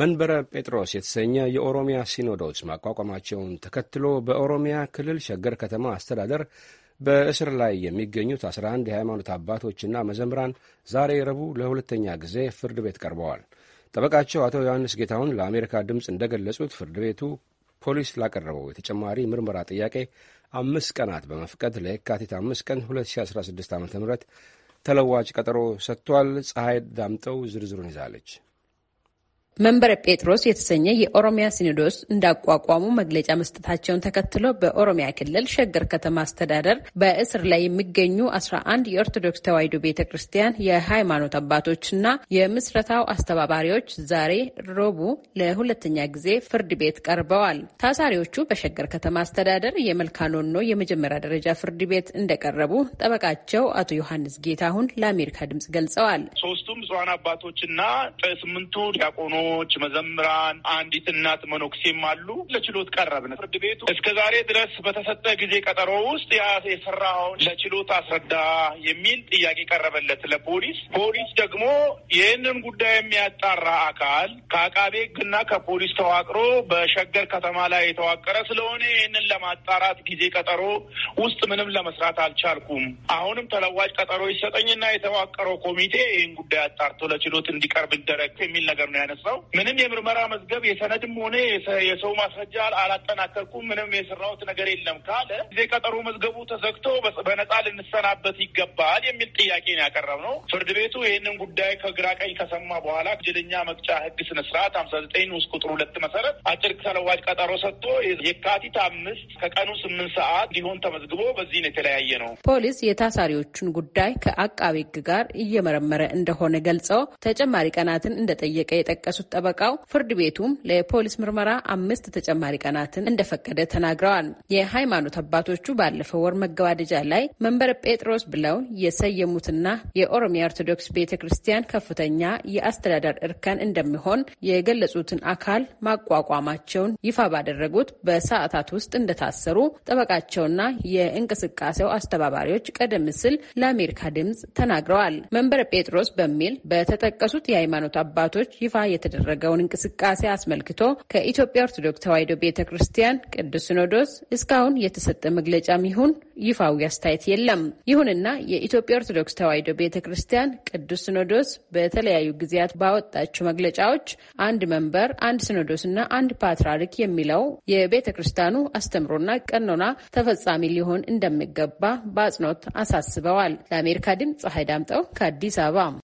መንበረ ጴጥሮስ የተሰኘ የኦሮሚያ ሲኖዶስ ማቋቋማቸውን ተከትሎ በኦሮሚያ ክልል ሸገር ከተማ አስተዳደር በእስር ላይ የሚገኙት 11 የሃይማኖት አባቶችና መዘምራን ዛሬ ረቡዕ ለሁለተኛ ጊዜ ፍርድ ቤት ቀርበዋል። ጠበቃቸው አቶ ዮሐንስ ጌታሁን ለአሜሪካ ድምፅ እንደገለጹት ፍርድ ቤቱ ፖሊስ ላቀረበው የተጨማሪ ምርመራ ጥያቄ አምስት ቀናት በመፍቀድ ለየካቲት አምስት ቀን 2016 ዓ ም ተለዋጭ ቀጠሮ ሰጥቷል። ፀሐይ ዳምጠው ዝርዝሩን ይዛለች። መንበረ ጴጥሮስ የተሰኘ የኦሮሚያ ሲኖዶስ እንዳቋቋሙ መግለጫ መስጠታቸውን ተከትሎ በኦሮሚያ ክልል ሸገር ከተማ አስተዳደር በእስር ላይ የሚገኙ አስራ አንድ የኦርቶዶክስ ተዋሕዶ ቤተ ክርስቲያን የሃይማኖት አባቶችና የምስረታው አስተባባሪዎች ዛሬ ሮቡ ለሁለተኛ ጊዜ ፍርድ ቤት ቀርበዋል። ታሳሪዎቹ በሸገር ከተማ አስተዳደር የመልካኖኖ የመጀመሪያ ደረጃ ፍርድ ቤት እንደቀረቡ ጠበቃቸው አቶ ዮሐንስ ጌታሁን ለአሜሪካ ድምጽ ገልጸዋል። ሶስቱም ጽዋን አባቶችና ስምንቱ ዲያቆኖ ሐኪሞች፣ መዘምራን፣ አንዲት እናት መኖክሴም አሉ። ለችሎት ቀረብን። ፍርድ ቤቱ እስከ ዛሬ ድረስ በተሰጠ ጊዜ ቀጠሮ ውስጥ የሰራውን ለችሎት አስረዳ የሚል ጥያቄ ቀረበለት ለፖሊስ። ፖሊስ ደግሞ ይህንን ጉዳይ የሚያጣራ አካል ከአቃቤ ሕግና ከፖሊስ ተዋቅሮ በሸገር ከተማ ላይ የተዋቀረ ስለሆነ ይህንን ለማጣራት ጊዜ ቀጠሮ ውስጥ ምንም ለመስራት አልቻልኩም። አሁንም ተለዋጭ ቀጠሮ ይሰጠኝና የተዋቀረው ኮሚቴ ይህን ጉዳይ አጣርቶ ለችሎት እንዲቀርብ ይደረግ የሚል ነገር ነው ያነሳው። የሰራው ምንም የምርመራ መዝገብ የሰነድም ሆነ የሰው ማስረጃ አላጠናከርኩም፣ ምንም የሰራሁት ነገር የለም ካለ ጊዜ ቀጠሮ መዝገቡ ተዘግቶ በነጻ ልንሰናበት ይገባል የሚል ጥያቄ ነው ያቀረብነው። ፍርድ ቤቱ ይህንን ጉዳይ ከግራ ቀኝ ከሰማ በኋላ ወንጀለኛ መቅጫ ህግ ስነስርዓት ስርዓት ሀምሳ ዘጠኝ ንዑስ ቁጥር ሁለት መሰረት አጭር ተለዋጭ ቀጠሮ ሰጥቶ የካቲት አምስት ከቀኑ ስምንት ሰዓት ሊሆን ተመዝግቦ በዚህ ነው የተለያየ ነው። ፖሊስ የታሳሪዎቹን ጉዳይ ከአቃቤ ህግ ጋር እየመረመረ እንደሆነ ገልጸው ተጨማሪ ቀናትን እንደጠየቀ የጠቀሱት ያነሱት ጠበቃው ፍርድ ቤቱም ለፖሊስ ምርመራ አምስት ተጨማሪ ቀናትን እንደፈቀደ ተናግረዋል። የሃይማኖት አባቶቹ ባለፈው ወር መገባደጃ ላይ መንበረ ጴጥሮስ ብለው የሰየሙትና የኦሮሚያ ኦርቶዶክስ ቤተ ክርስቲያን ከፍተኛ የአስተዳደር እርከን እንደሚሆን የገለጹትን አካል ማቋቋማቸውን ይፋ ባደረጉት በሰዓታት ውስጥ እንደታሰሩ ጠበቃቸውና የእንቅስቃሴው አስተባባሪዎች ቀደም ሲል ለአሜሪካ ድምፅ ተናግረዋል። መንበረ ጴጥሮስ በሚል በተጠቀሱት የሃይማኖት አባቶች ይፋ የተደ የተደረገውን እንቅስቃሴ አስመልክቶ ከኢትዮጵያ ኦርቶዶክስ ተዋሕዶ ቤተ ክርስቲያን ቅዱስ ሲኖዶስ እስካሁን የተሰጠ መግለጫም ይሁን ይፋዊ አስተያየት የለም። ይሁንና የኢትዮጵያ ኦርቶዶክስ ተዋሕዶ ቤተ ክርስቲያን ቅዱስ ሲኖዶስ በተለያዩ ጊዜያት ባወጣቸው መግለጫዎች አንድ መንበር፣ አንድ ሲኖዶስና አንድ ፓትርያርክ የሚለው የቤተ ክርስቲያኑ አስተምሮና ቀኖና ተፈጻሚ ሊሆን እንደሚገባ በአጽንኦት አሳስበዋል። ለአሜሪካ ድምፅ ፀሐይ ዳምጠው ከአዲስ አበባ